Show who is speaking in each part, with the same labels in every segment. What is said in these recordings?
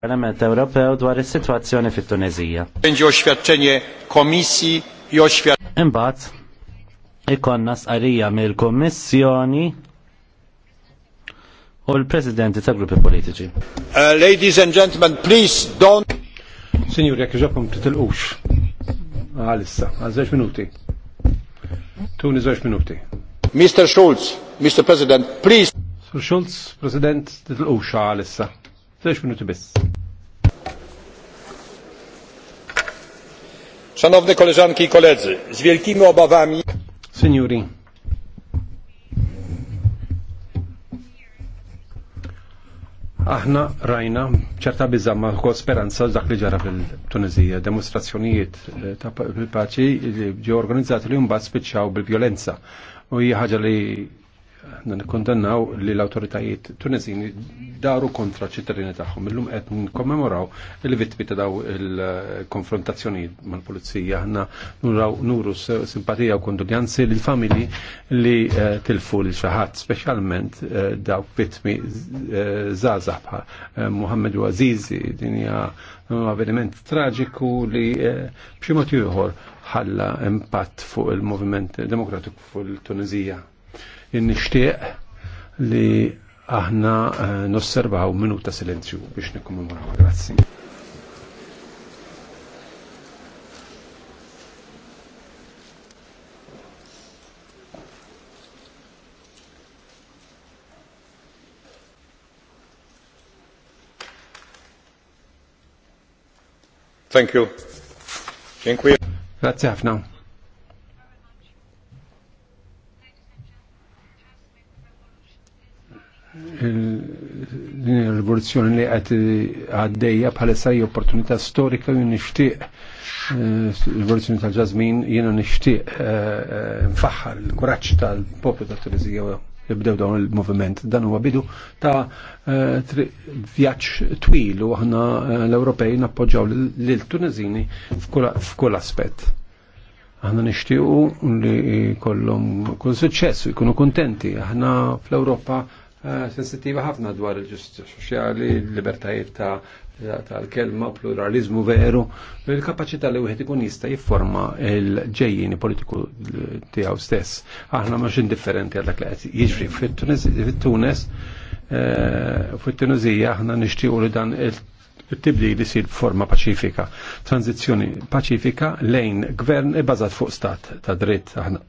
Speaker 1: Parlament Ewropew dwar is-sitwazzjoni fit-Tunezija.
Speaker 2: Będzie oświadczenie komisji i oświadczenie... Imbat, ikonna sqarija mill-Kommissjoni u l-Presidenti ta' gruppi politiċi. Uh, ladies and gentlemen, please don't... Signori, jek ġakom titilqux. Għalissa, għal għazzax minuti. Tuni zax minuti. Mr. Schulz, Mr. President, please. Sir Schulz, President, titilqux għalissa. Zex minuti bis. Szanowne koleżanki i koledzy, z wielkimi obawami... Signori. Aħna rajna ċerta bizzamma kol speranza dak li ġara fil-Tunizija, demonstrazzjonijiet eh, ta' pil paċi ġi organizzati li mbagħad spiċċaw bil-vjolenza. U hija ħaġa li nikkondannaw li l-autoritajiet tunezini daru kontra ċittadini tagħhom. Illum qed nkommemoraw il-vittmi ta' daw il konfrontazzjoni mal-pulizija. Aħna nuraw nuru simpatija u kondoljanzi lil familji li eh, tilfu lil xi ħadd speċjalment eh, daw vittmi żgħażagħ eh, Muhammed u Azizi din hija avveniment traġiku li b'xi mod ieħor ħalla impatt fuq il-moviment demokratiku fuq il-Tunizija nixtieq li aħna eh, nosservaw minuta silenzju biex nikkommemoraw. Grazzi. Thank you. Dziękuję. Grazie ħafna. il-rivoluzzjoni li għad għaddeja bħalissa hija opportunità storika u nixtieq il-rivoluzzjoni eh, tal-ġazmin jiena nixtieq eh, nfaħħar il-kuraġġ tal-poplu ta' tunisija li bdew dawn il-moviment. Dan huwa bidu ta' eh, vjaġġ twil u aħna l-Ewropej nappoġġaw lil Tunizini f'kull aspett. Aħna nixtiequ li kollhom kull suċċess u jkunu kuntenti. Aħna fl-Ewropa Eh, sensittiva ħafna dwar il-ġustizja soċjali, l libertajiet ta' tal-kelma, pluralizmu veru, il-kapacità li wieħed ikun jista' jifforma l-ġejjini politiku tiegħu stess. Aħna mhux indifferenti għal dak li qed jiġri fit-Tunes, eh, fit-Tunizija aħna nixtiequ li dan il- tibdil li sir forma paċifika. Tranzizzjoni paċifika lejn gvern ibbażat fuq stat ta' dritt aħna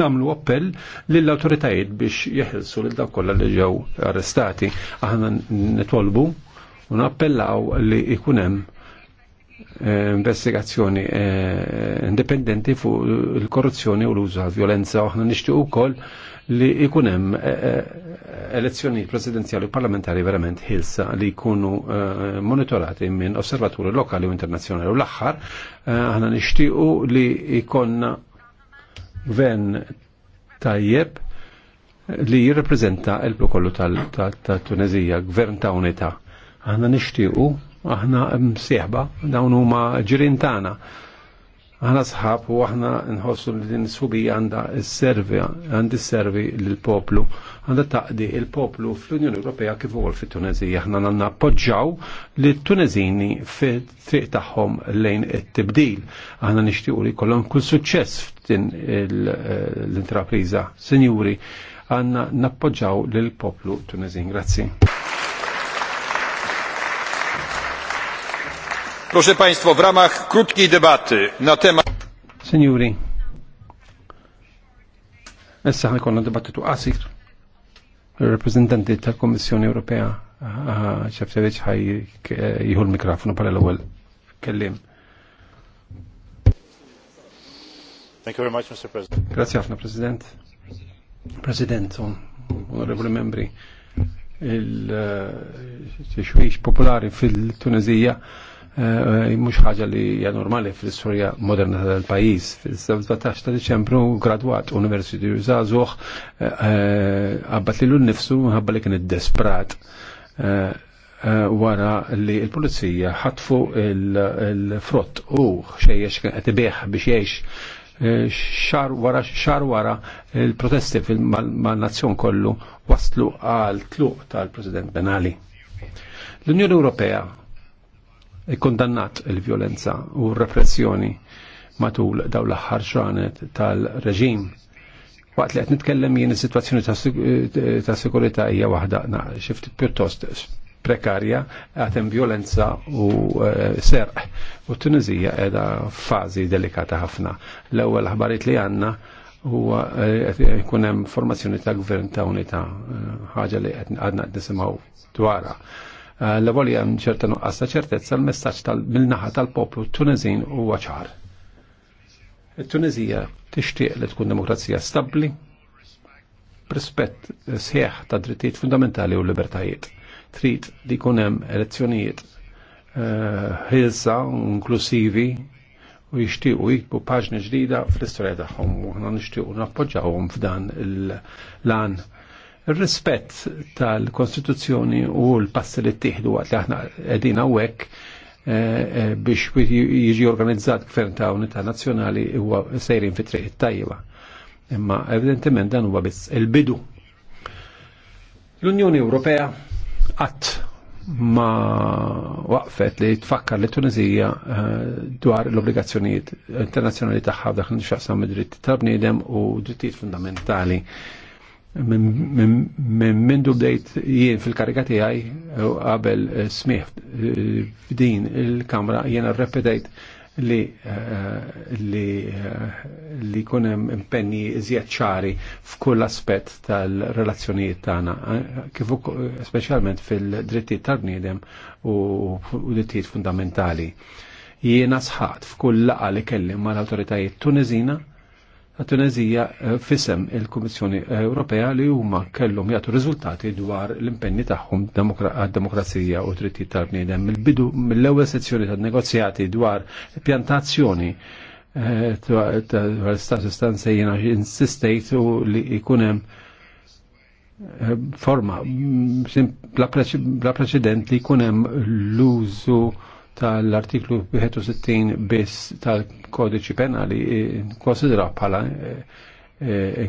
Speaker 2: namlu appell lill-autoritajiet biex jeħilsu lil dawk kollha li ġew arrestati. Aħna nitolbu u nappellaw li jkun hemm eh, investigazzjoni eh, indipendenti fuq il-korruzzjoni u l-użu għal-violenza. Aħna nixtiequ wkoll li ikun hemm eh, elezzjoni presidenzjali u parlamentari verament ħilsa li jkunu monitorati minn osservaturi lokali u internazzjonali. U l-aħħar aħna nixtiequ li ikonna gvern tajjeb li jirrepreżenta l kollu tal-Tunezija, gvern ta' unità. Aħna nixtiequ, aħna msieħba, dawn huma ġirin tagħna. Aħna sħab u aħna nħossu li din subi għandha s-servi, għandi s-servi lill poplu għanda taqdi il-poplu fl-Unjoni Ewropea kif ukoll fit-Tunezija. Aħna għandna appoġġjaw li t-Tunezini fit-triq tagħhom lejn it-tibdil. Aħna nixtiequ li jkollhom kull suċċess f'din eh, l-intrapriża. Sinjuri, għandna nappoġġaw lill poplu Tunezin. Grazzi. Proszę Państwa, w ramach krótkiej debaty na temat... Signori, na debatę debattitu qasir rappresentanti ta' Komissjoni Ewropea ċefteviċ ah, ah, ħaj eh, jħu l-mikrofonu pala l-ewel kellim.
Speaker 1: Thank you very much, Mr. President.
Speaker 2: Grazie ħafna, President. President, um, onorevoli membri, il ċeċwix eh, popolari fil-Tunizija Eh, mhux ħaġa li hija normali fl-istorja moderna tal-pajjiż. Fis-17 ta' Diċembru gradwat University Żagħżugħ qabad eh, lilu nnifsu minħabba li kien iddesprat eh, wara li l-pulizija ħatfu l frott u xejjex qed ibeħ biex jgħix xar wara xar wara il-protesti mal-nazzjon kollu waslu għal tluq tal-President Benali. L-Unjoni Ewropea kondannat e il-violenza u repressjoni matul daw l-aħħar xranet tal-reġim. Waqt li qed nitkellem jien is-sitwazzjoni ta' sikurità hija waħda xift pjuttost prekarja għatem violenza u e, serq. U Tunizija edha fazi delikata ħafna. L-ewwel ħbarit li għandna u e, kunem hemm formazzjoni ta' gvern ta' unità ħaġa li qed għadna nisimgħu dwarha l-volja ċerta nuqqas ta' ċertezza l-messaġġ tal-naħa tal-poplu Tunezin huwa ċar. Il-Tunezija tixtieq li tkun demokrazija stabbli, rispett sħiħ ta' drittijiet fundamentali u libertajiet. Trid li jkun hemm elezzjonijiet eh, ħilsa, inklusivi, u jixtiequ jikbu paġni ġdida fl-istorja tagħhom u aħna nixtiequ nappoġġawhom f'dan il-lan rispett tal-Kostituzzjoni u l-passi li ttieħdu għat li aħna qegħdin hawnhekk eh, eh, biex jiġi organizzat gvern ta' unità nazzjonali huwa sejrin fi triq tajba. Imma evidentement dan huwa biss il-bidu. L-Unjoni Ewropea qatt ma waqfet li tfakkar li Tunizija eh, dwar l-obbligazzjonijiet internazzjonali tagħha f'dak xaqsam id-dritti tal-bniedem u drittijiet fundamentali Mindu bdejt jien fil-karika tiegħi qabel eh, smieħ eh, f'din il-kamra jien rrepetejt li eh, li li kunem hemm impenni iżjed ċari f'kull aspett tal-relazzjonijiet tagħna, kif speċjalment fil-drittijiet tal-bniedem u drittijiet fundamentali. Jiena sħat f'kull laqa li kellim mal-awtoritajiet Tunizina Tunezija eh, fisem il-Kummissjoni Ewropea li huma kellhom jagħtu riżultati dwar l-impenni tagħhom għad-demokrazija u trittijiet tal-bniedem. il bidu mill-ewwel sezzjoni tan-negozjati dwar pjantazzjoni eh, dwar statustanza jiena insistejt u li jkun hemm eh, forma mm, bla preċedent li jkun hemm l-użu tal-artiklu 61 biss tal-kodiċi penali konsidera bħala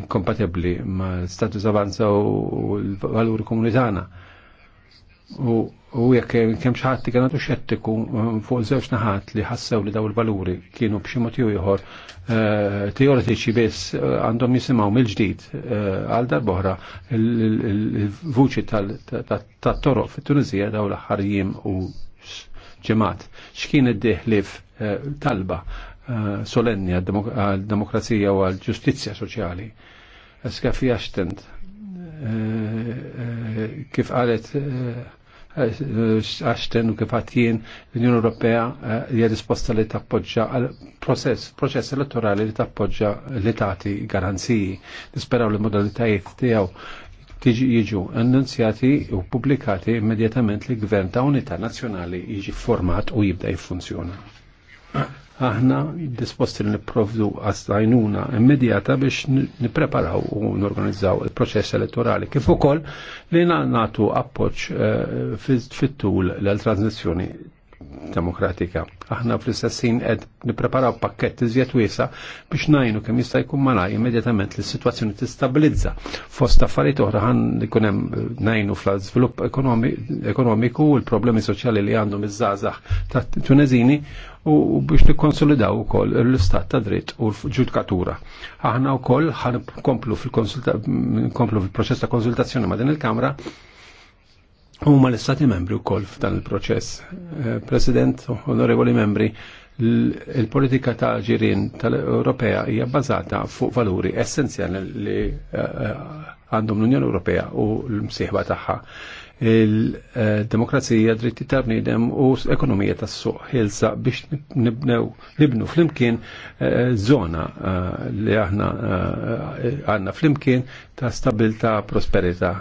Speaker 2: inkompatibli ma' status avanza u l-valuri komunitana. U jekk kemm xi ħadd kienu xettiku fuq żewġ naħat li ħassew li daw il-valuri kienu b'xi motiju ieħor teoretiċi biss għandhom jisimgħu mill-ġdid għal darb'oħra il-vuċi tat-toroq fit-Tunizija daw l-aħħar u ġemat x'kien id-diħlif eh, talba eh, solenni għal-demokrazija u għal-ġustizja soċjali. fi għaxtend, eh, kif għalet għaxten u kif għatjien l-Unjoni Ewropea hija disposta li tappoġġa għal proċess elettorali li tappoġġa li tagħti garanziji. Nisperaw li modalitajiet tiegħu tiġi jiġu annunzjati u publikati immedjatament li gvern ta' unità nazzjonali jiġi format u jibda jiffunzjona. Aħna disposti li niprovdu għastajnuna immedjata biex nipreparaw u norganizzaw il-proċess elettorali kif ukoll li nagħtu appoġġ eh, fit-tul l-transizjoni demokratika. Aħna fl-istessin qed nippreparaw pakkett iżjed wiesa biex najnu kemm jista' jkun malaj immedjatament li s-sitwazzjoni tistabilizza. Fost affarijiet oħra ħan ikun hemm najnu fl-żvilupp ekonomiku u l-problemi soċjali li għandhom iż-żgħażagħ ta' Tunezini u biex nikkonsolidaw ukoll l-istat ta' dritt u l-ġudikatura. Aħna wkoll ħan komplu fil-proċess ta' konsultazzjoni ma' din il-Kamra huma l-istati membri wkoll f'dan il-proċess. Eh, President, onorevoli membri, il-politika ta' ġirien tal europea hija bbażata fuq valuri essenzjali li eh, għandhom l-Unjoni Ewropea u l-msieħba tagħha il-demokrazija, dritti ta' bnidem u ekonomija ta' suq ħilsa biex nibnew, nibnu flimkien eh, zona li aħna għanna flimkien ta' stabilta' prosperita'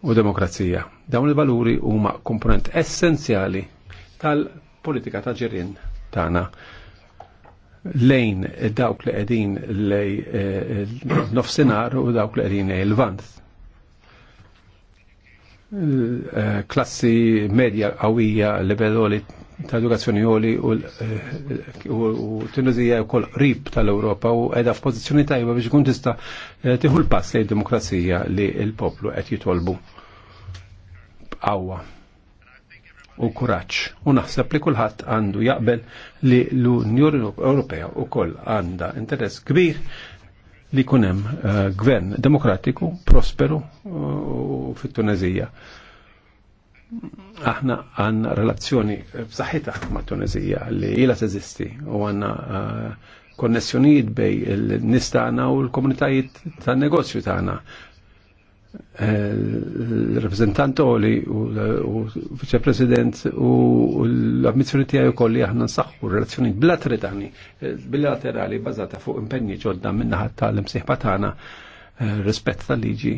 Speaker 2: u demokrazija. Dawn il-valuri huma komponent essenzjali tal-politika ta' ġirin tagħna lejn dawk li qegħdin lej eh, nofsinhar u dawk li qegħdin il-vant. Eh, klassi medja qawwija, liveloli ta' edukazzjoni joli eh, u Tunizija kol rib tal-Europa u edha f'pozizjoni tajba biex kun tista' eh, tiħu l-pass li demokrazija li l-poplu qed jitolbu b'qawwa u kuraġġ. U naħseb li kulħadd għandu jaqbel li l-Unjoni Ewropea wkoll għandha interess kbir li kunem eh, gvern demokratiku, prosperu fit-Tunezija aħna għanna relazzjoni b'saħħitha ma' Tunezija li ilha teżisti u għanna eh, konnessjonijiet bej il-nis tagħna u l-komunitajiet tan-negozju tagħna. Eh, Il-reprezentant Oli u viċe-president u l ammissjoni tiegħi wkoll li aħna nsaħħu relazzjonijiet bilaterali bilaterali bażata fuq impenji ġodda naħat tal-imsieħba tagħna eh, rispett tal-liġi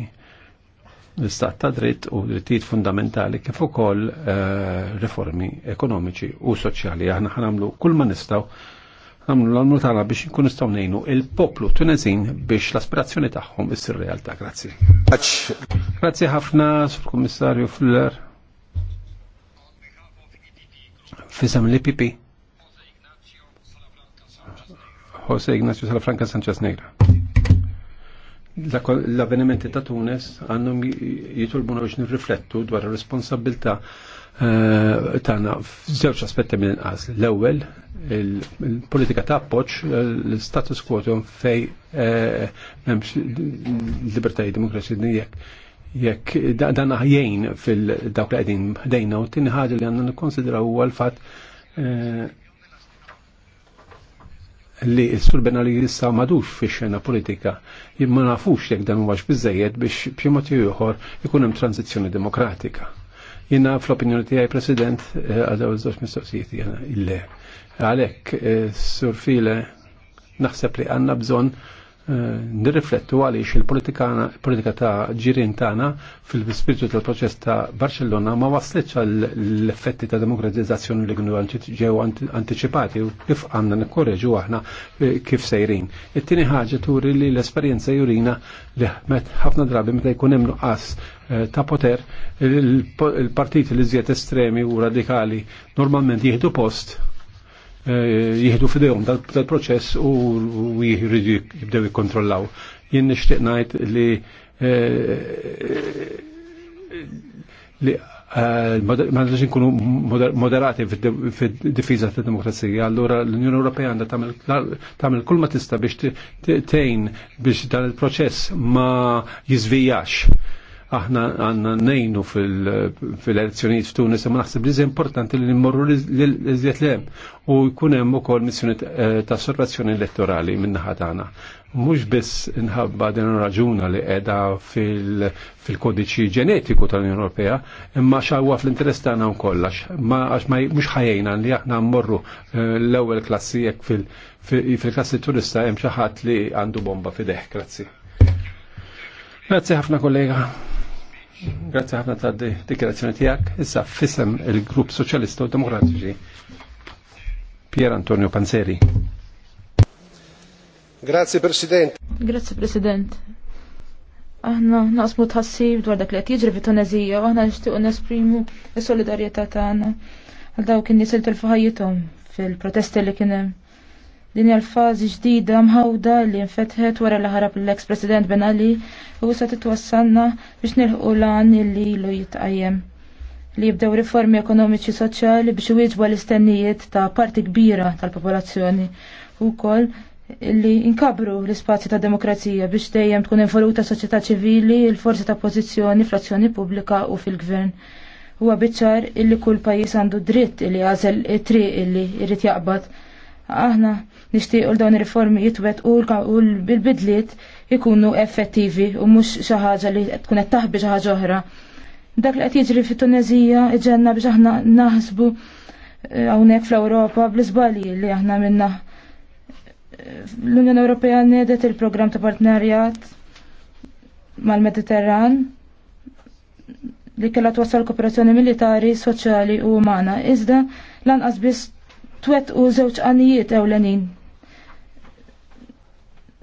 Speaker 2: l-istat ta' dritt u drittijiet fundamentali kif ukoll eh, reformi ekonomiċi u soċjali. Aħna ħanamlu kull ma nistgħu għamlu l-għamlu tagħna biex nkun nistgħu ngħinu il-poplu Tunezin biex l-aspirazzjoni tagħhom issir realtà. Grazzi. Grazzi ħafna sur kummissarju Fuller. Fisem l-IPP. Jose Ignacio Salafranca Sanchez Negra l-avvenimenti ta' Tunis għandhom jitulbu biex nirriflettu dwar ir-responsabilità eh, tagħna f'żewġ aspetti minn inqas. L-ewwel il-politika ta' appoġġ eh, l-status quo fej eh, m'hemmx libertajiet demokrazija jekk jekk dan ħajjejn fil-dawk li qegħdin dejna u tieni ħaġa li għandna nikkonsidraw huwa l-fatt li s-sur Benali jissa madux fi xena politika jimma nafux jek dan huwax bizzejed biex b'ximot ieħor ikun hemm tranzizzjoni demokratika. Jina fl-opinjoni tiegħi President eh, għadaw żewġ mistoqsijiet jena ille. Għalhekk eh, sur file naħseb li għandna bżonn Eh, nirriflettu għaliex il-politika ta' ġirin tagħna fil-spiritu tal-proċess ta' Barcellona ma waslitx l-effetti ta' demokratizzazzjoni li kienu ġew anticipati u kif għandna nikkorreġu aħna eh, kif sejrin. It-tieni ħaġa turi li l-esperjenza jurina li ħafna drabi meta jkun hemm nuqqas eh, ta' poter il-partiti li żjed estremi u radikali normalment jieħdu post Eh, jihdu fidejhom tal-proċess u jihridu jibdew jikkontrollaw. Jien nixtieq ngħid li eh, eh, li ma nix nkunu moderati fid-difiża tad-demokrazija, allura l-Unjoni Ewropea għandha tagħmel kull ma tista' biex tgħin biex dan il-proċess ma jiżvijax aħna għanna nejnu fil-elezzjoniet f'Tunis, ma naħseb li importanti li nimmorru l-iżjed lem u jkun hemm ukoll missjoni eh, ta' osservazzjoni elettorali minn naħa tagħna. Mhux biss inħabba din raġuna li qiegħda fil-kodiċi ġenetiku tal-Unjoni Ewropea, imma xawwa fl-interess tagħna wkoll għax ma mhux ħajjejna li aħna mmorru eh, l-ewwel klassi jekk fil-klassi turista hemm xi ħadd li għandu bomba fideh. Grazzi. Grazzi ħafna kollega. Grazie ħafna ta' dikjerazzjoni tiegħek. Issa fissem il-Grupp Soċjalista u Demokratiċi. Pier Antonio Panzeri. Grazie President.
Speaker 1: Grazie President. Aħna naqsmu tħassib dwar dak li qed jiġri fit-Tunezija u aħna nixtiequ nesprimu s-solidarjetà tagħna għal dawk in-nies tilfu ħajjithom fil-protesti li kien hemm Din hija l-fażi ġdida mħawda li nfetħet wara li ħarab l eks President Ben Ali u se titwassalna biex nilħu lan li ilu jitqajjem li jibdew riformi ekonomiċi soċjali biex iwieġbu l-istennijiet ta' parti kbira tal-popolazzjoni u koll li inkabru l-ispazji ta' demokrazija biex dejjem tkun involuta soċjetà ċivili, il-forzi ta' pożizzjoni fl-azzjoni pubblika u fil-gvern huwa biċċar illi kull pajjiż għandu dritt li jażel it-triq illi jrid jaqbad. Aħna u dawn ir-riformi jitwet u l-bidliet ikunu effettivi u mhux xi ħaġa li tkun qed taħbi xi ħaġa oħra. Dak li qed jiġri fit-Tunezija iġenna biex aħna naħsbu eh, hawnhekk fl-Ewropa bl-iżbalji li aħna minna l-Unjoni Ewropea nedet il-programm ta' partnerjat mal-Mediterran li kellha twassal kooperazzjoni militari, soċjali u umana. Iżda lanqas biss twet u żewġ qanijiet ewlenin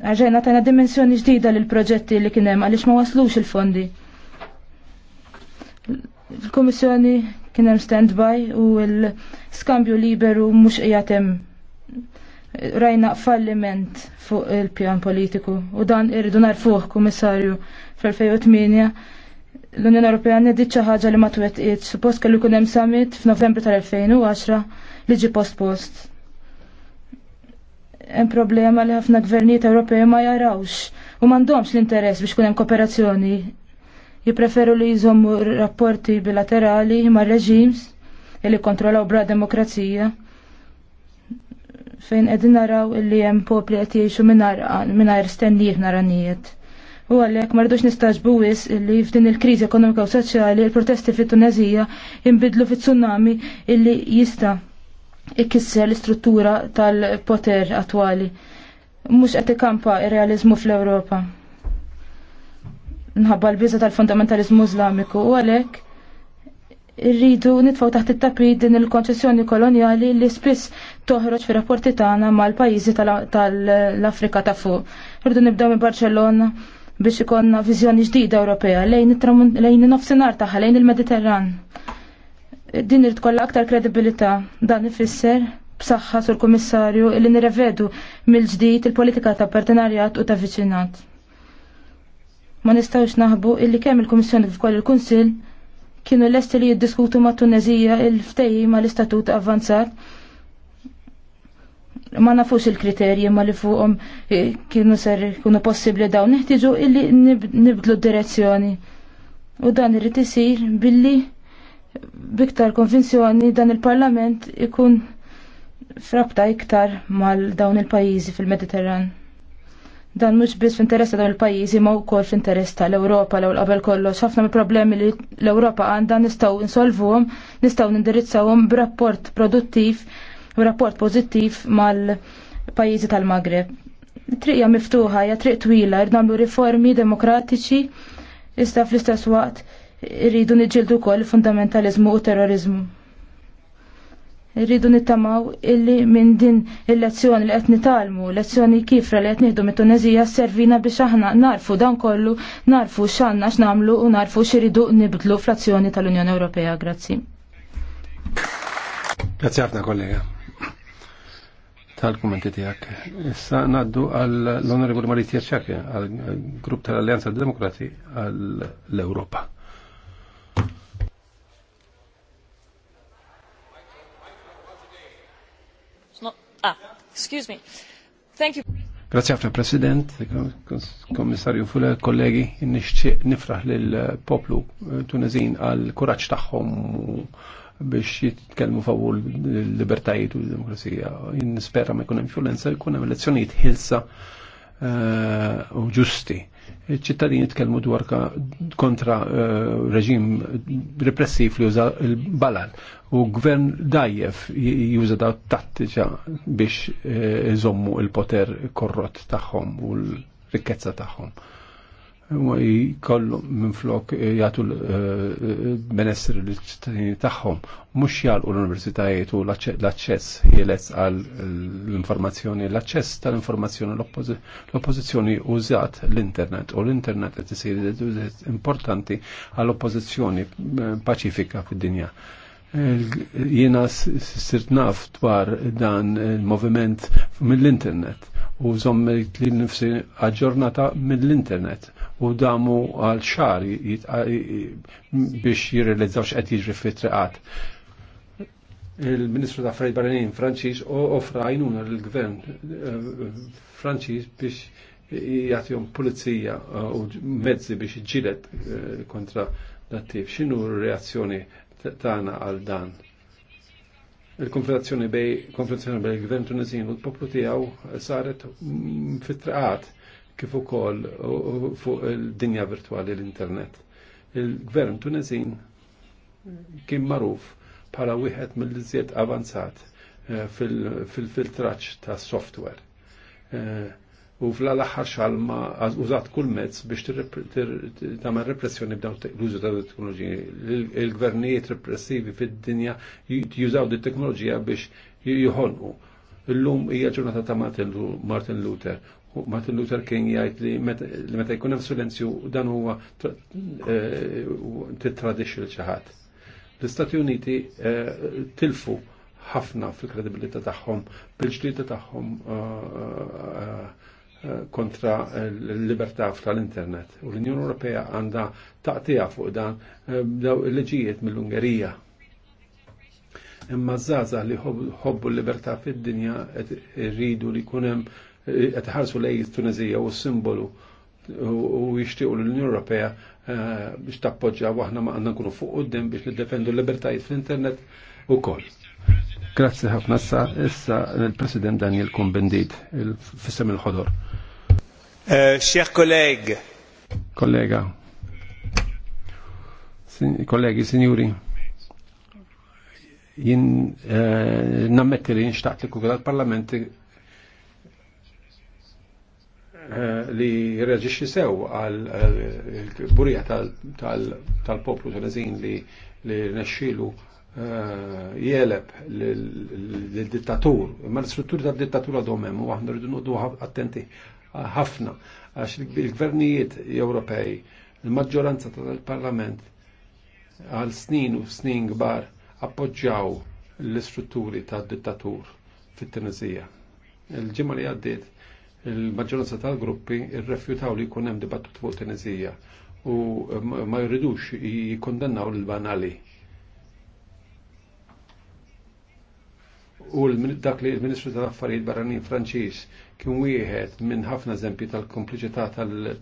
Speaker 1: Għaxena tajna dimensjoni ġdida l proġetti li kienem għalix ma waslux il-fondi. Il-Komissjoni kienem stand-by u l-skambju liberu mux ijatem rajna falliment fuq il-pjan politiku u dan irridu narfuħ komissarju fl-2008 l-Unjoni Ewropea nedit xi ħaġa li ma twettqitx suppost kellu kunem hemm summit f'Novembru tal-2010 li ġi postpost. -post hemm problema li ħafna gvernijiet Ewropej ma jarawx u m'għandhomx l-interess biex kun hemm kooperazzjoni. Jippreferu li jżommu rapporti bilaterali mar reġims li kontrollaw bra demokrazija fejn qegħdin naraw illi hemm popli qed jgħixu mingħajr stennijiet naranijiet. U għalhekk rridux nistaġbu wis illi f'din il-kriżi ekonomika u soċjali il-protesti fit-Tunezija inbidlu fit-tsunami illi jista' ikisser l-istruttura tal-poter attwali. Mhux qed ikampa il realiżmu fl-Ewropa. Nħabba l-biża tal-fundamentalizmu islamiku u għalhekk irridu nitfgħu taħt it tapid din il-konċessjoni kolonjali li spiss toħroġ fi rapporti tagħna mal-pajjiżi tal-Afrika ta' fuq. Irridu nibdew minn Barcellona biex ikonna viżjoni ġdida Ewropea lejn it-nofsinhar tagħha lejn il-Mediterran. il mediterran din irid tkollha aktar kredibilità dan ifisser b'saħħa sur kummissarju li nirrevedu mill-ġdid il-politika ta' partenarjat u ta' viċinat. Ma nistgħux naħbu illi kemm il-Kummissjoni kif il-Kunsill kienu lesti li jiddiskutu ma' Tunneżija il-ftejji ma' l-istatut avvanzat ma nafux il-kriterji ma li fuqhom eh, kienu ser ikunu possibbli dawn neħtieġu illi nibdlu d-direzzjoni. U dan irrid isir billi biktar konvinzjoni dan il-Parlament ikun frabta iktar mal dawn il-pajjiżi fil-Mediterran. Dan mhux biss f'interess ta' dawn il-pajjiżi ma wkoll f'interess tal-Ewropa l qabel kollox. Ħafna mill-problemi li l-Ewropa għandha nistgħu insolvuhom, nistgħu nindirizzawhom b'rapport produttiv u rapport pożittiv mal-pajjiżi tal-Magreb. Triqja miftuħa hija triq twila, nagħmlu riformi demokratiċi, iżda fl-istess waqt Irridu niġildu kol fundamentalizmu u terrorizmu. Irridu nittamaw illi minn din il-lezzjoni li qed talmu, lezzjoni kifra li qed nieħdu mit-Tunezija servina biex aħna narfu dan kollu, narfu xanna x'namlu u narfu x'iridu nibdlu fl-azzjoni tal-Unjoni Ewropea. Grazzi.
Speaker 2: Grazzi ħafna kollega tal-kommenti tijak. Issa naddu għall-Onorevoli Maritja Ċakja, għal-Grupp tal-Alleanza Demokrati għall-Europa. Ah, Grazie għafna President, Kommissarju Fule, kollegi, nifraħ lill-poplu tunezin għal kuraċ tagħhom biex jitkellmu fawu l-libertajiet u l-demokrazija. Nispera ma jkun influenza jkunem jkun hemm elezzjonijiet ħilsa Eh, u ġusti. ċittadini tkellmu dwar kontra eh, reġim repressiv li juża il-balal u gvern dajjef juża daw tattiċa biex eh, iżommu il-poter korrot tagħhom u l-rikkezza tagħhom jikollu minn flok eh, jgħatu l-benessri eh, l-ċittadini tagħhom, mhux jgħalqu l-universitajiet u l-aċċess ħieles għal l-informazzjoni, l-aċċess tal-informazzjoni l-oppożizzjoni użat l-internet u l-internet qed isir importanti għall oppożizzjoni eh, paċifika fid-dinja. Jiena sirt naf dwar dan il-moviment mill-internet u zommet li nifsi aġġornata mill-internet u damu għal xar biex jirrealizzaw x'qed jiġri fit-triqat il-Ministru ta' Affarijiet Barranin Franċiż offra għajnuna lill-Gvern eh, Franċiż biex jagħtihom pulizija eh, u mezzi biex ġilet eh, kontra l-attiv. X'inhu r-reazzjoni tagħna għal dan? Il-konfrontazzjoni bej konfrontazzjoni bej il-Gvern Tunisin u l-poplu tiegħu saret fit-traqat kif ukoll fuq il-dinja virtuali l-internet. Il-gvern Tunezin kien magħruf bħala wieħed mill-iżjed avanzat eh, fil-filtraċ ta' software. Eh, u fl-aħħar xalma użat kull mezz biex tagħmel repressjoni b'dawn l-użu ta' teknoloġija. Il-gvernijiet repressivi fid-dinja jużaw di teknoloġija biex jħonqu. Illum hija ġurnata ta' Martin Luther Martin Luther King jgħid li meta jkun hemm silenzju dan huwa eh, titradixxi l xi ħadd. L-Istati Uniti eh, tilfu ħafna fil-kredibilità tagħhom bil-ġdida tagħhom eh, kontra l-libertà fl-internet. U l-Unjoni Ewropea għandha taqtija fuq dan daw il-leġijiet mill-Ungerija. Imma żgħażagħ li ħobbu l-libertà fid-dinja rridu li jkun hemm qed ħarsu lejn Tunezija u simbolu u jixtiequ l-Unjoni Ewropea eh, biex tappoġġja waħna ma għandna nkunu fuq quddiem biex niddefendu l-libertajiet fl-internet u koll. Grazzi ħafna issa issa il-President Daniel Kumbendit fissem il-ħodor. Xieħ eh, kolleg. Kollega. Kollegi, sinjuri. Jien eh, nammetti li nxtaqt li kukulat parlamenti Eh, li jirreġixxi sew għal eh, burija tal-poplu tal li li nesċilu eh, jeleb l-dittatur. Imma l-strutturi tad-dittatura domem u aħna rridu nuddu attenti ħafna għax il-gvernijiet Ewropej, il-maġġoranza tal-Parlament għal snin u snin kbar appoġġjaw l-istrutturi tad-dittatur fit tunizija Il-ġimgħa li għaddiet il-maġġoranza tal-gruppi irrefjutaw li jkun hemm dibattut fuq Tunizija u eh, ma jridux jikkondannaw l-banali. u dak li l-Ministru tal-Affarijiet Barranin Franċiż kien wieħed minn ħafna eżempji tal-kompliċità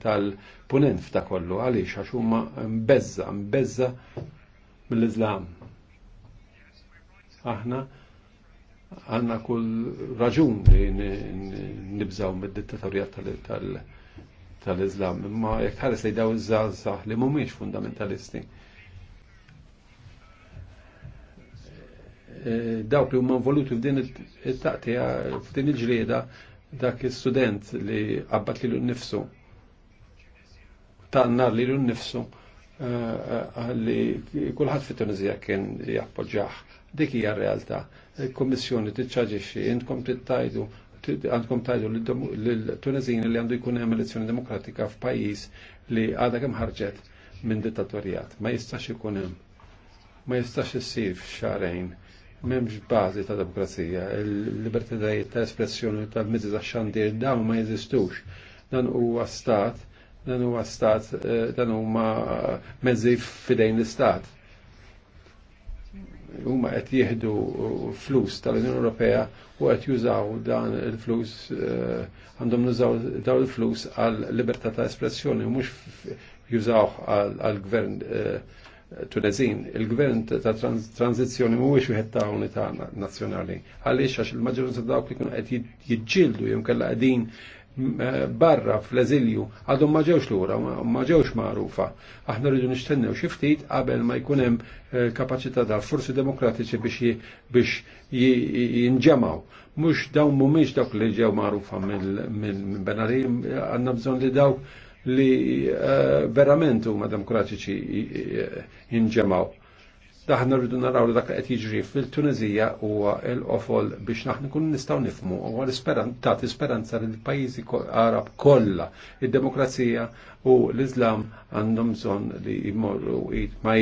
Speaker 2: tal-punent f'da kollu għaliex għax huma mbeżza mbeżza mill-Iżlam. Aħna għanna kull raġun li nibżaw mid-dittatorja tal-Islam, imma jekk ħares li daw iż-żgħażagħ li mhumiex fundamentalisti. E, dawk li huma involuti f'din it-taqtija f'din il-ġrieda dak is-student li qabbat lilu nnifsu ta' nar lilu nnifsu e, e, li kulħadd fit-Tunizija kien jappoġġjah. Dik hija r-realtà il-Kommissjoni tiċċaġixxi, intkom tittajdu għandkom tajdu l-Tunezini li għandu jkun hemm elezzjoni demokratika f'pajjiż li għadha kemm ħarġet minn dittatorjat. Ma jistax ikun hemm. Ma jistax issir xarejn. m'hemmx bażi ta' demokrazija, il-libertajiet ta' espressjoni tal-mizzi ta' xandir dawn ma jeżistux. Dan huwa stat, dan huwa stat, eh, dan huma mezzi f'idejn l-istat huma qed jieħdu flus tal-Unjoni Ewropea u qed jużaw dan il-flus eh, għandhom nużaw dawn il-flus għal libertà ta' espressjoni u mhux jużaw għal gvern eh, Tunezin. Il-gvern ta' tranzizjoni mhuwiex wieħed ta' unità nazzjonali. Għaliex għax il-maġġoranza dawk li kienu qed jiġġieldu jew kellha qegħdin Eh, barra fl-eżilju għadhom ma ġewx lura, ma ġewx magħrufa. Aħna rridu nixtennew xi ftit qabel ma jkun hemm eh, kapaċità tal-forsi demokratiċi biex biex jinġemaw. Mhux dawn mhumiex dawk li ġew magħrufa minn Benari għandna bżonn li dawk li eh, verament huma demokratiċi jinġemaw Daħna rridu naraw li dak qed jiġri fil-Tunizija huwa l ofol biex naħna kun nistgħu l u tagħti speranza li l-pajjiżi Arab kollha id-demokrazija u l-Iżlam għandhom bżonn li jmorru id ma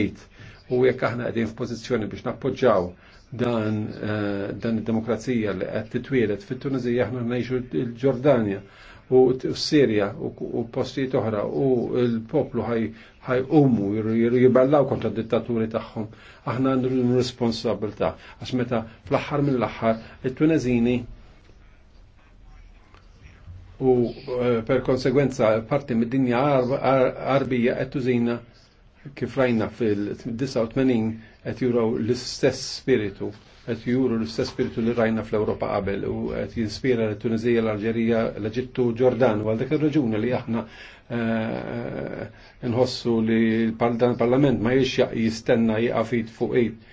Speaker 2: U jekk aħna qegħdin f'pożizzjoni biex nappoġġaw dan eh, dan id-demokrazija li qed titwielet fit-Tunizija aħna ngħixu l-Ġordanja u s-Sirja u postijiet oħra u l-poplu ħaj umu jiballaw kontra dittaturi tagħhom. Aħna għandu l-responsabilità għax meta fl-aħħar mill-aħħar it-Tunezini u per konsegwenza parti mid-dinja arbija qed tużina kif rajna fil-89 qed juraw l-istess spiritu għet juru l-istess spiritu li rajna fl-Ewropa qabel u qed jinspira l-Tunizija, l-Alġerija, l-Eġittu, Ġordan u għal dik ir-raġuni li aħna eh, eh, nħossu li l-Parlament ma jiex jistenna jaqafit fuq id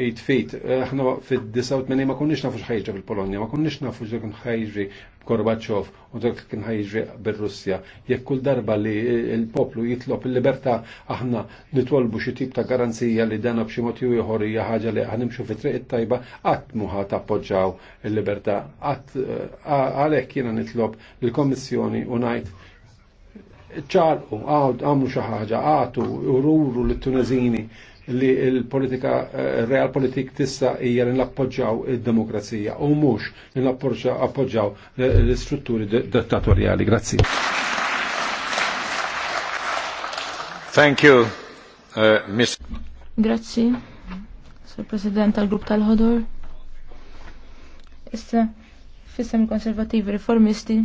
Speaker 2: jitfit. Aħna fid-89 ma konniex nafu xħajġa fil-Polonja, ma konniex nafu ġek ħajġi Gorbachev u dak kien ħajġi bir-Russja. Jekk kull darba li l-poplu jitlob il-libertà aħna nitolbu xi tip ta' garanzija li dana b'xi mod ieħor hija ħaġa li ħanimxu fi triq it-tajba qatt muħa tappoġġaw il-libertà. Qatt għalhekk jiena nitlob lill-Kommissjoni u ngħid ċarqu, għamlu xaħġa, għatu, ururu l-Tunezini li l-politika eh, real politik tista' hija li nappoġġaw il demokrazija u mux li nappoġġaw l-istrutturi dittatorjali. Grazie. Thank you, uh, Miss.
Speaker 1: Grazzi, Sir President tal-Grupp tal-Ħodor. Issa, fissem konservativi riformisti,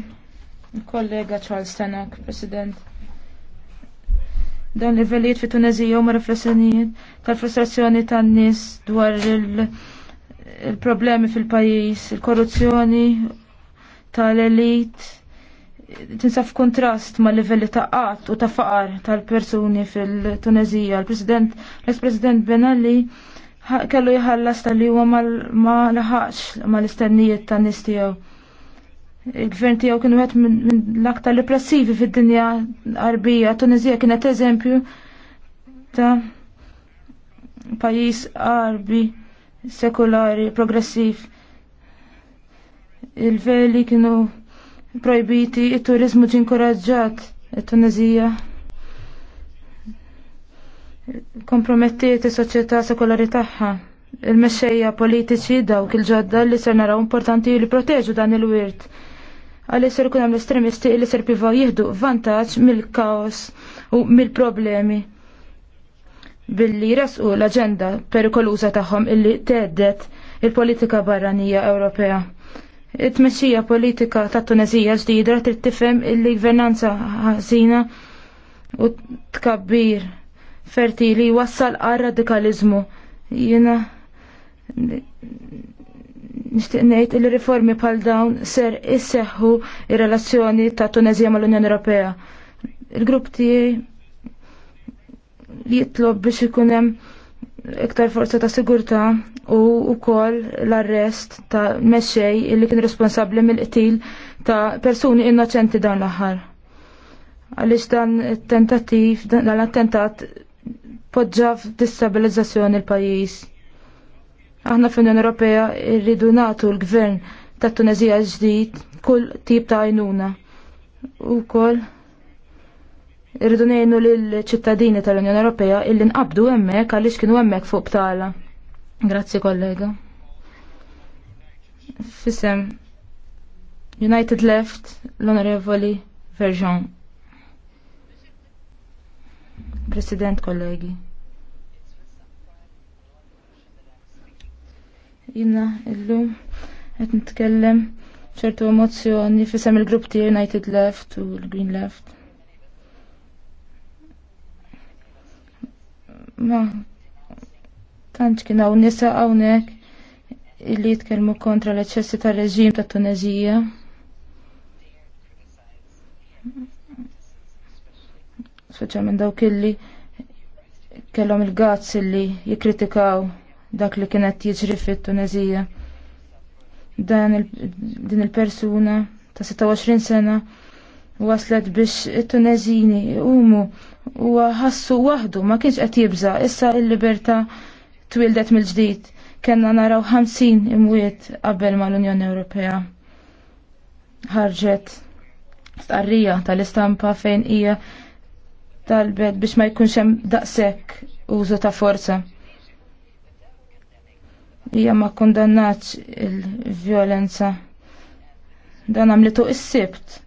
Speaker 1: il-kollega Charles Tannock, President. Dan veliet fi Tunezija ma riflessjonijiet tal-frustrazzjoni tan-nies dwar il-problemi fil-pajjiż, il-korruzzjoni tal-elit tinsaf kontrast ma' livelli ta' qatt u ta' faqar tal-persuni tunezija l Il-President, l-ex-President Ben kellu jħallas tal-li huwa ma laħaqx mal-istennijiet tan-nies tiegħu il-gvern tiegħu kienu għet minn l-aktar repressivi fid-dinja arbija. Tunizija kienet eżempju ta' pajjiż arbi sekolari progressiv. Il-veli kienu projbiti, il turizmu ġinkoraġġat il tunizija kompromettiet is-soċjetà sekolari tagħha il mesċeja politiċi dawk il-ġodda li ser naraw importanti li proteġu dan il-wirt għalli ser ikun hemm l-estremisti li ser pivaw jieħdu vantaġġ mill-kaos u mill-problemi billi resqu l-aġenda perikoluża tagħhom illi tgħeddet il-politika barranija Ewropea. It-tmexxija politika ta' Tunezija ġdida trid tifhem illi gvernanza ħażina u tkabbir fertili wassal għal radikalizmu. Jiena Nixtieq ngħid li riformi bħal dawn ser isseħħu ir-relazzjoni ta' Tunezija mal-Unjoni Ewropea. Il-grupp tiegħi jitlob biex ikun hemm iktar forza ta' sigurtà u wkoll l-arrest ta' mexxej li kien responsabbli mill-qtil ta' persuni innoċenti dawn l-aħħar. Għaliex dan it-tentattiv, dan l-attentat poġġa f'distabilizzazzjoni l-pajjiż Aħna fl-Unjoni Ewropea rridu nagħtu l-gvern tat Tunezija ġdid kull tip ta' għajnuna. Ukoll irridu ngħinu lill-ċittadini tal-Unjoni Ewropea illi nqabdu hemmhekk għaliex kienu hemmhekk fuq btala. Grazzi kollega. Fisem United Left l-Onorevoli Verjon. President kollegi. jina illum qed nitkellem ċertu emozjoni fisem il-grupp ti United Left u l-Green Left. Ma tanċ kien hawn nisa hawnhekk illi jitkellmu kontra l-eċċessi tar-reġim ta' Tunezija. minn dawk illi kellhom il-gazz illi jikkritikaw dak li kienet jiġri fit-Tunezija. Il din il-persuna ta' 26 sena waslet biex it-Tunezini umu u ħassu waħdu ma kienx qed jibża issa l-libertà twildet mill-ġdid. Kenna naraw 50 imwiet qabel mal-Unjoni Ewropea. Ħarġet stqarrija tal-istampa fejn hija talbet biex ma jkunx hemm daqshekk użu ta' forza hija ma kondannatx il-vjolenza. Dan għamlitu is-sibt.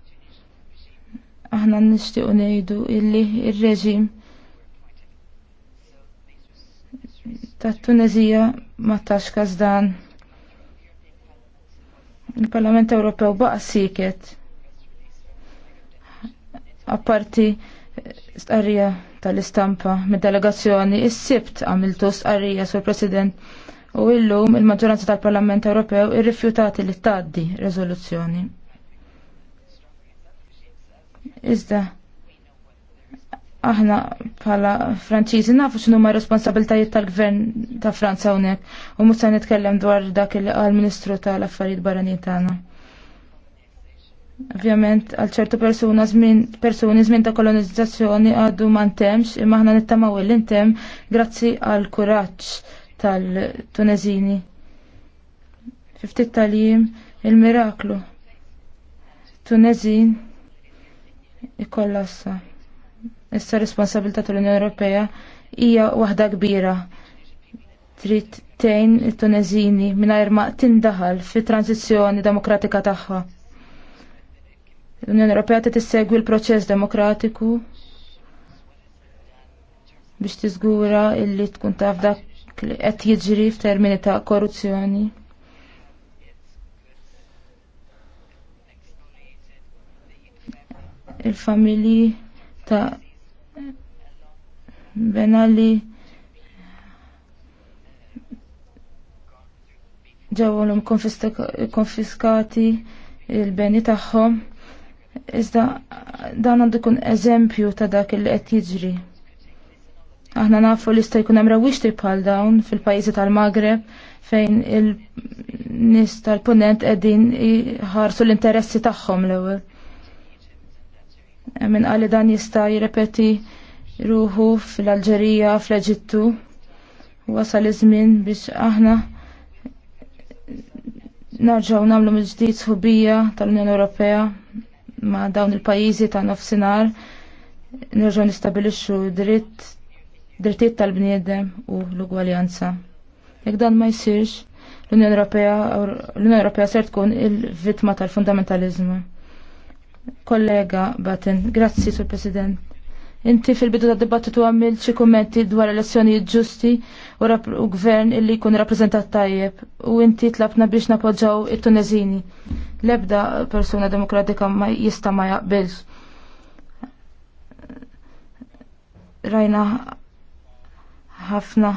Speaker 1: Aħna nixtiequ ngħidu illi il reġim tat-Tunezija ma tax kazdan. Il-Parlament Ewropew baqa siket. Apparti stqarrija tal-istampa mid-delegazzjoni, is-sibt għamiltu stqarrija sur President u illum il-maġġoranza tal-Parlament Ewropew irrifjutati li tgħaddi riżoluzzjoni. Iżda aħna bħala Franċiżi nafu x'inhu ma' responsabiltajiet tal-Gvern ta' Franza hawnhekk u mhux se nitkellem dwar dak il qal Ministru tal-Affarijiet Barranin tagħna. Ovvjament għal ċertu persuna żmien persuni żmien ta' kolonizzazzjoni għadu ma ntemx imma aħna nittamaw l-intem grazzi għal kuraġġ tal-Tunezini. tal-jim il-miraklu. Tunezin ikollassa. Issa responsabilità tal-Unjoni Ewropea hija waħda kbira. Trid tgħin it-Tunezini mingħajr ma tindaħal fit-tranzizzjoni demokratika tagħha. L-Unjoni Ewropea trid tissegwi l-proċess demokratiku biex tiżgura illi tkun taf dak li qed jiġri f'termini ta' korruzzjoni. Il-familji ta' Benali ġewolhom konfiskati il-beni tagħhom. Iżda dan għandu kun eżempju ta' dak li qed jiġri. Aħna nafu li sta jkun hemm rawwixti bħal dawn fil-pajjiżi tal-Magreb fejn il-nies tal-punent qegħdin ħarsu l-interessi tagħhom l-ewwel. Min qali dan jista' jirrepeti ruħu fil-Alġerija, fl-Eġittu. Wasal iż-żmien biex aħna narġaw nagħmlu mill-ġdid sħubija tal-Unjoni Ewropea ma' dawn il-pajjiżi ta' nofsinhar nerġgħu nistabilixxu dritt drittijiet tal-bniedem u l-ugwaljanza. Jekk dan ma jsirx, l-Unjoni Ewropea Ewropea ser tkun il-vittma tal-fundamentalizmu. Kollega Batten, grazzi sur President. Inti fil-bidu ta' dibattitu għamil xi kummenti dwar elezzjonijiet ġusti u, u gvern illi jkun rappreżentat tajjeb u inti tlabna biex napoġġaw it-Tunezini. L-ebda persuna demokratika ma jista' ma jaqbilx. Rajna ħafna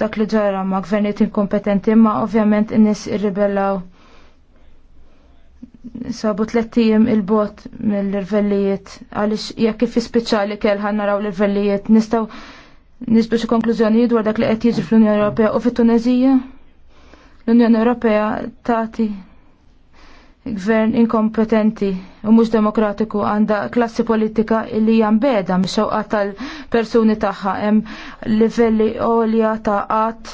Speaker 1: dak li ġara ma' gvernijiet inkompetenti ma' ovvjament in-nies irribellaw sabu tlettijim il-bot mill-irvellijiet għalix jekk kif speċjali kell naraw l-irvellijiet nistaw nisbu xi konklużjoni dwar dak li qed jiġi fl-Unjoni Ewropea u fit-Tunezija. L-Unjoni Ewropea tati gvern inkompetenti u mhux demokratiku għandha klassi politika li hija mbeda mix-xewqat tal-persuni tagħha hemm livelli għolja ta' qatt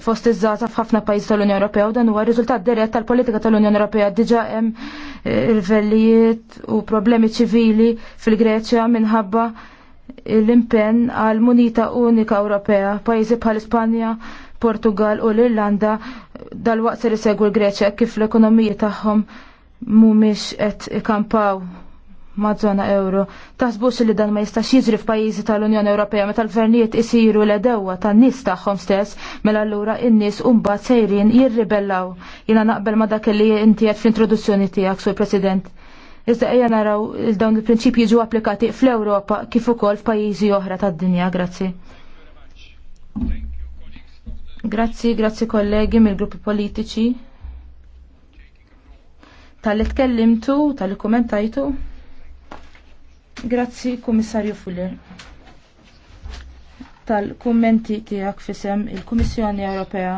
Speaker 1: fostizzata f'ħafna pajjiż tal-Unjoni Ewropea u dan huwa riżultat dirett tal-politika tal-Unjoni Ewropea diġà hemm eh, rivellijiet u problemi ċivili fil-Greċja minħabba l-impenn għal munita unika Ewropea, pajjiżi bħal Ispanja, Portugal u l-Irlanda dal-waqt ser segwu l-Greċja kif l-ekonomija tagħhom mhumiex qed ikampaw ma' zona euro. Taħsbux li dan ma jistax jiġri f'pajjiżi tal-Unjoni Ewropea meta l-gvernijiet isiru l dewwa tan-nies tagħhom stess, mela allura n-nies mbagħad sejrin jirribellaw. Jiena naqbel ma' dak li inti qed fl-introduzzjoni tiegħek sur President. Iżda ejja naraw il dawn il-prinċipji ġu applikati fl-Ewropa kif ukoll f'pajjiżi oħra tad-dinja. Grazzi. Grazzi, grazzi kollegi mill-gruppi politiċi tal-li tkellimtu, tal-li kommentajtu. Grazzi, Kummissarju Fuller tal-kummenti tiegħek fisem il-Kummissjoni Ewropea